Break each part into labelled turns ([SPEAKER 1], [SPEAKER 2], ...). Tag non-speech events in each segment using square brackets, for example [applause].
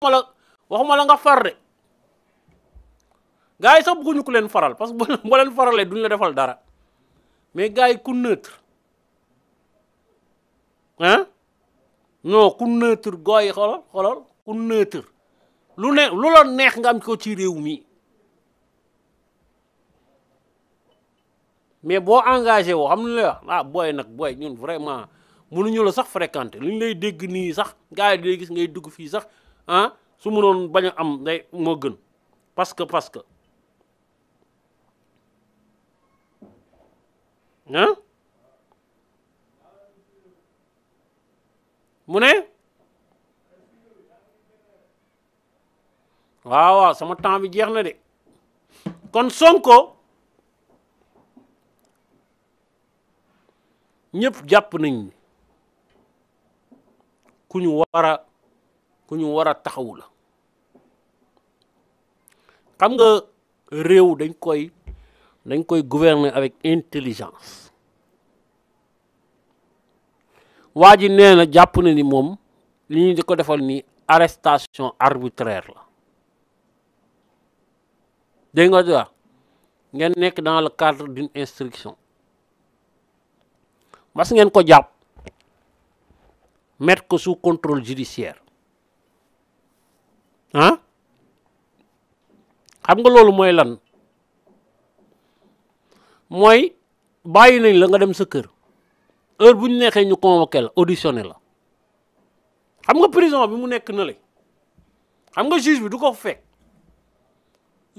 [SPEAKER 1] waxuma la waxuma la nga far de sax bëgguñu ku leen faral parce que [laughs] boo leen faralee duñ la defal dara mais gars yi ku neutre ah non ku neutre gars yi xoolal xoolal ku neutre lu ne lu la neex nga am ko ci réew mi mais boo engagé woo xam ne la ah booy nag booy ñun vraiment mënuñu la sax fréquenter li lay dégg nii sax gars yi gis ngay dugg fii sax ah su mënoon bañ a am day moo gën parce que parce que ah mu ne waaw sama temps bi jeex na de kon Sonko ñëpp jàpp nañ ku ñu war Nous wara war la xam nga réew dañ koy dañ koy gouverner avec intelligence waa ji nee na jàpp na ni moom li ñu di defal ni arrestation arbitraire la dégg nga diwax ngeen dans le cadre d'une instruction mas ngeen ko jàpp mettre ko sous contrôle judiciaire ah xam nga loolu mooy lan mooy bàyyi nañ la nga dem sa kër heure bu ñu neexee ñu convoqué la auditionné la xam nga prison bi mu nekk na la xam nga juge bi du ko fekk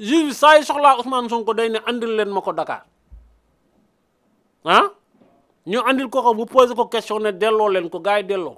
[SPEAKER 1] juge bi saa yi soxlaa Ousmane Sonko day ne andil leen ma ko Dakar ah ñu andil ko ko bu posé ko question ne delloo leen ko gars yi delloo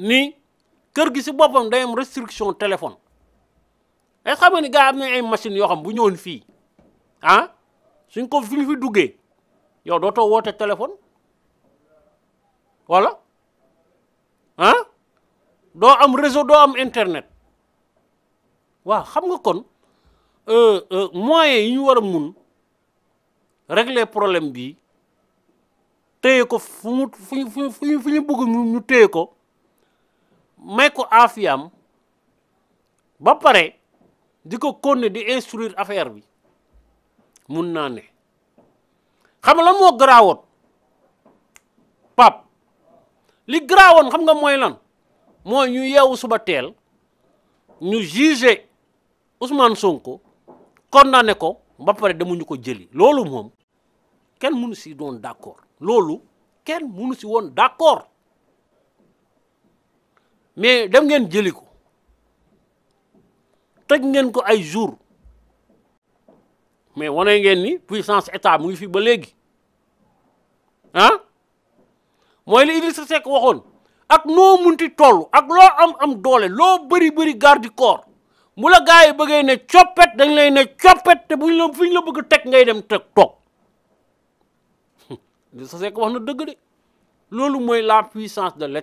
[SPEAKER 1] ni kër gi si boppam day am restriction téléphone est ce xam am xam bu ah suñ ko fi fi duggee yow dootoo téléphone Voilà. ah am réseau doo am internet waaw xam nga kon euh, euh, moyen yi ñu war a mun régler problème ko may ko afiyam ba pare di ko konne di instruire affaire bi mun na ne xam lan mo pap li garaawoon xam nga moy lan moo ñu yewu suba tel ñu juger Ousmane Sonko condamné ko ba pare demu ñuko jëli lolu mom ken mënu si don dakor. lolu ken mënu si won d'accord mais dem ngeen jëli ko teg ngeen ko ay jour mais wane ngeen ni puissance état mu ngi fi ba léegi ah mooy li Idrissa Seck waxoon ak noo munti toll ak loo am am doole loo bëri bëri garde du mu la gars yi bëggee ne coppet dañ lay ne coppet te bu la fi ñu la bëgg teg ngay dem teg toog [laughs] Idrissa Seck wax na dëgg de loolu mooy la puissance de l'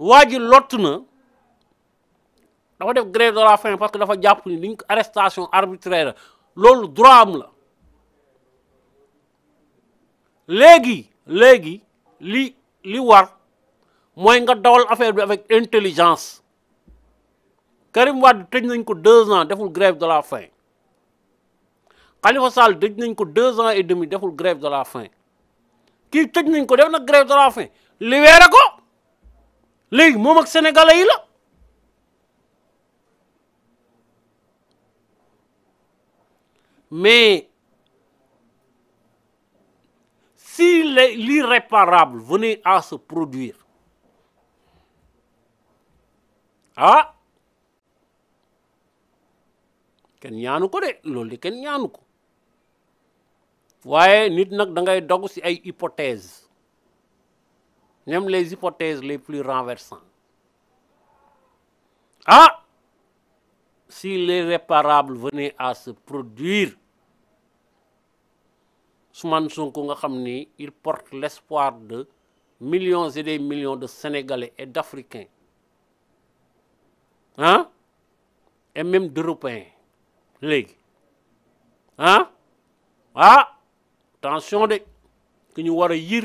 [SPEAKER 1] waa ji lott na dafa def grève de la faim parce que dafa jàpp ni ko arrestation arbitraire loolu droit am la léegi léegi li li war mooy nga dawal affaire bi avec intelligence Karim Wade tëj nañ ko deux ans deful grève de la faim Khalifa Sall tëj nañ ko deux ans et demi deful grève de la faim kii tëj nañ ko def na grève de la faim libéré ko léegi moom ak sénégalais yi la mais si l'irréparable venait à se produire ah Kenya ñaanu ko de loolu de kenn ñaanu ko waaye nit nag da ngay ay même les hypothèses les plus renversantes. Ah Si l'irréparable venait à se produire, Ousmane Sonko, il porte l'espoir de millions et des millions de Sénégalais et d'Africains. Hein Et même d'Européens. Hein ah ah Attention, de que y war yir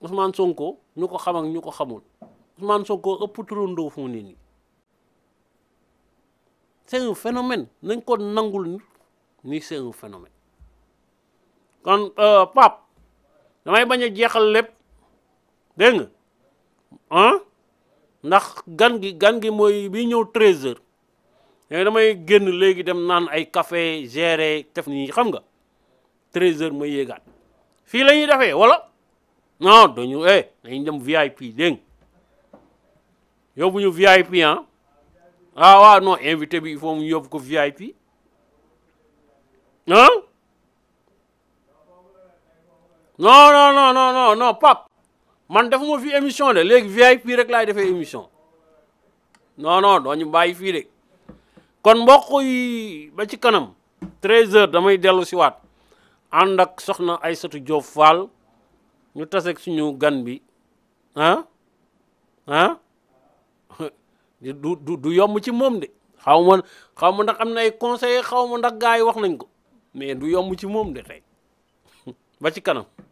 [SPEAKER 1] Ousmane ko ñu ko xam ñu ko xamul Ousmane Sonko ëpp turandoo fu mu ne nii c'est un phénomène nañ ko nangul ni c'est un kan kon euh, Pape damay bañ a jeexal lépp dégg nga ndax gan gi gan gi mooy bi ñëw 13h damay génn léegi dem naan ay café géré def nii xam nga 13h ma yéegaat fii la ñuy defee non dañu eh dañu dem VIP dégg yóbbu ñu VIP ah ah waaw non invité bi il faut ko VIP ah non non non non man defuma fi émission de léegi VIP rek laay defee émission non non doo ñu fii de kon mbokk yi ba ci kanam 13h damay dellu si waat ànd ak soxna Aïssatou Diop Fall. ñu taseek suñu gan bi ah ah [laughs] du du du yomb ci moom de xaw ma xaw ma am na ay conseillers xaw ma ndax gars yi wax nañ ko mais du yomb ci moom de tey [laughs] ba ci kanam.